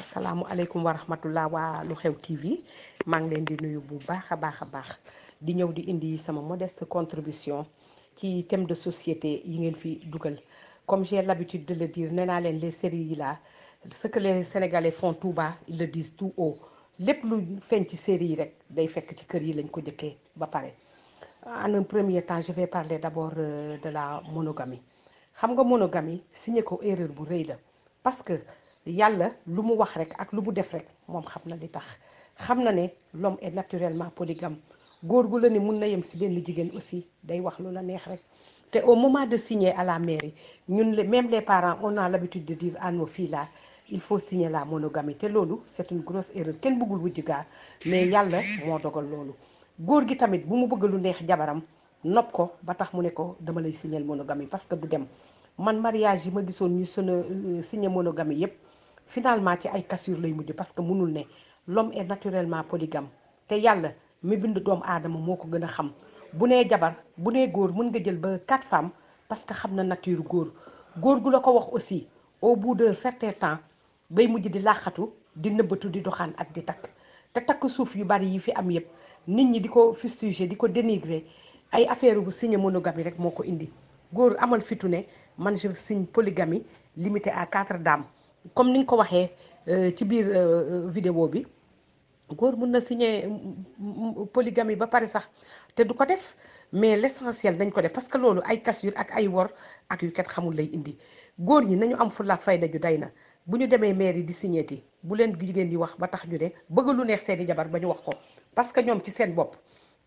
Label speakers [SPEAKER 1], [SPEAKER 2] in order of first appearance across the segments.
[SPEAKER 1] asalaamualeykum wa rahmatullah waa lu xew TV maa ngi leen di nuyu bu baax a baax a baax di ñëw di indi sama modeste contribution ci thème de société yi ngeen fi dugal comme j'ai l'habitude de le dire nee naa leen les séries yi là ce que les font tout bas ils le disent tout lépp lu feeñ ci série yi rek day fekk ci kër yi lañ ko jëkkee ba pare en un premier temps je vais parler d'abord euh, de la monogamie xam nga monogamie signé ko erreur bu rëy la parce que yàlla lu mu wax rek ak lu mu def rek moom xam na li tax xam na ne l'homme est naturellement polygame góor gu la ne mun na yem si benn jigéen aussi day wax lu la neex rek te au moment de signer à la mairie ñun même les parents on a l'habitude de dire à nos filles là il faut signer la monogamie te loolu c'est une grosse erreur kenn bëggul wujju gaa mais yàlla moo dogal loolu góor gi tamit bu mu bëgg lu neex jabaram nopp ko ba tax mu ne ko dama lay signer monogamie parce que du dem man mariage yi ma gisoon ñu sunu euh, signer monogamie yépp finalement ci ay cassure lay mujj parce que mënul ne lome est naturellement polygame te yàlla mi bind doomu aadama moo ko gën a xam bu nee jabar bu nee góor mën nga jël ba quatre femmes parce que xam na nature góor góor gu la ko wax aussi au bout d'un certain temps bay mujj di làqatu di nëbbatu di doxaan ak di takk te takk suuf yu bari yi fi am yépp nit ñi di ko fustiger di ko dénigrer ay affaire bu signé monogamie rek moo ko indi góor amal fitu ne man je signe polygamie à quatre dames comme ni nga ko waxee euh, ci biir euh, vidéo bi góor mun na signer mm, mm, mm, polygamie ba pare sax te du ko def mais l'essentiel nañ ko def parce que loolu ay cassure ak ay wor ak yu kat xamul lay indi góor ñi nañu am fulla fay fayda ju day na bu ñu demee maire yi di signéeti bu leen jigéen di wax ba tax ñu ne bëgg lu neex seeni jabar ba ñu wax ko parce que ñoom ci seen bopp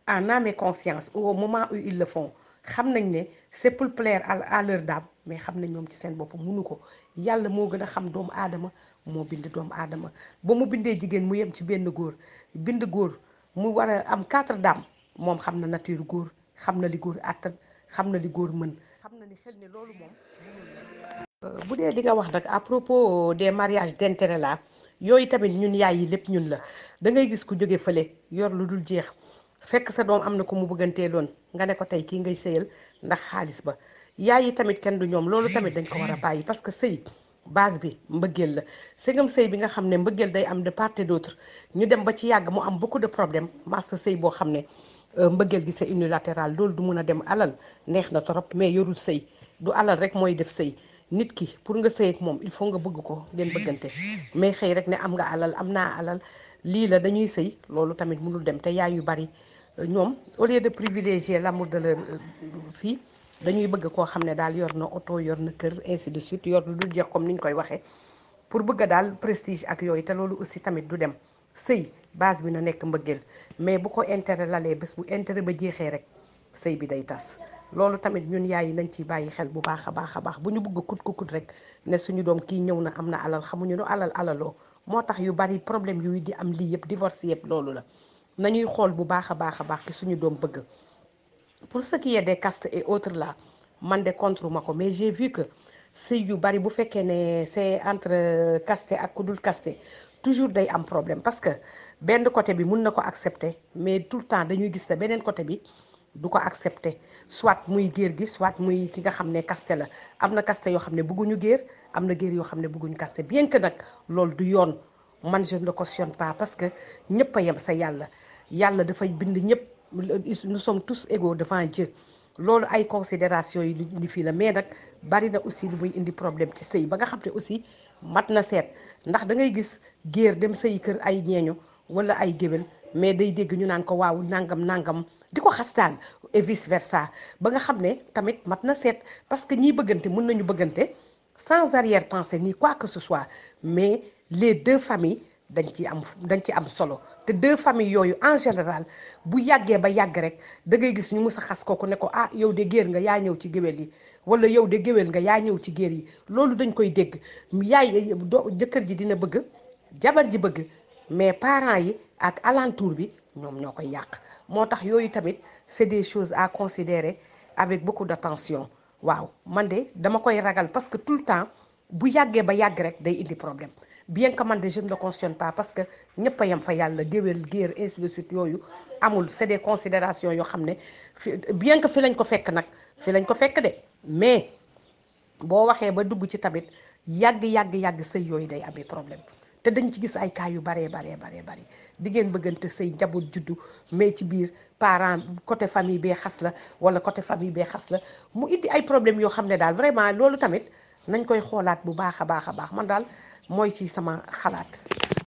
[SPEAKER 1] en âme et conscience au moment u ils le fond xam nañ ne c'est pour plaire à leur dame mais xam nañ ñoom ci seen bopp munu ko yàlla moo gën a xam doomu aadama moo bind doomu aadama ba mu bindee jigéen mu yem ci benn góor bind góor mu war a am quatre dames moom xam na nature góor xam na li góor àttan xam na li góor mën xam na ni xel ne loolu moom bu dee li nga wax nag à propos des mariages d'intérêt yooyu tamit ñun yaay yi lépp ñun la da ngay gis ku jóge fële yor lu dul jeex fekk sa doom am na ko mu bëggantee loon nga ne ko tey kii ngay sëyal ndax xaalis ba yaay yi tamit kenn du ñoom loolu tamit dañ ko war a bàyyi parce que sëy base bi mbëggeel la sëngam sëy bi nga xam ne mbëggeel day am de part et d'autre ñu dem ba ci yàgg mu am beaucoup de problème master sëy boo xam ne euh, mbëggeel gi sa unilaterale loolu du mun a dem alal neex na trop mais yorul sëy du alal rek mooy def sëy nit ki pour nga sëy moom il faut nga bëgg ko ngeen bëggante mais xëy rek ne am nga alal am naa alal lii la dañuy sëy loolu tamit mënul dem te yaay yu bari ñoom au lieu de privilégier l'amour de leur euh, fille dañuy bëgg koo xam ne daal yor na oto yor na kër ainsi de suite lu jeex comme ni ñu koy waxe pour bëgg daal prestige ak yooyu te loolu aussi tamit du dem sëy base bi na nekk mbëggeel mais bu ko intérêt lalee bés bu intérêt ba jeexee rek sëy bi day tas loolu tamit ñun yaay yi nañ ciy bàyyi xel bu baax a baax a baax bu ñu bëgg kut ko kut rek ne suñu doom kii ñëw na am na alal xamuñu nu alal alaloo moo tax yu bari problème yu di am lii yëpp divorce yëpp loolu la nañuy xool bu baax a baax a baax ki suñu doom bëgg pour ce qui est des castes et autres la man de contre ma ko mais j'ai vie que sëy yu bari bu fekkee ne c'est entre caste ak ku dul casté toujours day am problème parce que benn côté bi mun na ko accepter mais tout le temps dañuy gis sa beneen côté bi du ko accepter soit muy géer gi soit muy ki nga xam ne casté la am na caste yoo xam ne bëgguñu géer am na géer yoo xam ne bëgguñu casté bien que nag lool du yoon man je ne le cautionne parce que ñëpp yem sa yàlla yàlla dafay bind ñëpp nous sommes tous égaux devant Dieu loolu ay considération yi lu indi fii la mais nag barina aussi lu muy indi problème ci sëy ba nga xam ne aussi mat na seet ndax da ngay gis géer dem sëy kër ay ñeeño wala ay géwél mais day dégg ñu naan ko waaw nangam nàngam di ko xas daal et versa ba nga xam ne tamit mat na seet parce que ñiy bëggante mun nañu bëggante sans arrière pensée ni quoi que ce soit mais les deux familles dañ ci am dañ ci am solo te deux familles yooyu en général bu yàggee ba yàgg rek da ngay gis ñu mus a xas kooku ne ko ah yow de géer nga yaa ñëw ci géwél yi wala yow de géwél nga yaa ñëw ci géer yi loolu dañ koy dégg yaay do jëkkër ji dina bëgg jabar ji bëgg mais parents yi ak alentour bi ñoom ñoo koy yàq moo tax yooyu tamit c'est des chose à considérer avec beaucoup d'attention waaw man de dama koy ragal parce que tout le temps bu yàggee ba yàgg rek day indi problème bien que man de je ne le parce que ñëpp a yem fa yàlla géwél géer ainsi suite yooyu amul c'est des considérations yoo xam ne bien que fi lañ ko fekk nag fi lañ ko fekk de mais boo waxee ba dugg ci tamit yàgg yàgg yàgg sëy yooyu day amee problème te dañ ci gis ay cas yu baree baree baree baree di bëggante sëy njaboot juddu mais ci biir parent côté famille bee xas la wala côté famille bee xas la mu indi ay problèmes yoo xam ne daal vraiment loolu tamit nañ koy xoolaat bu baax a baax a baax man daal. mooy ci sama xalaat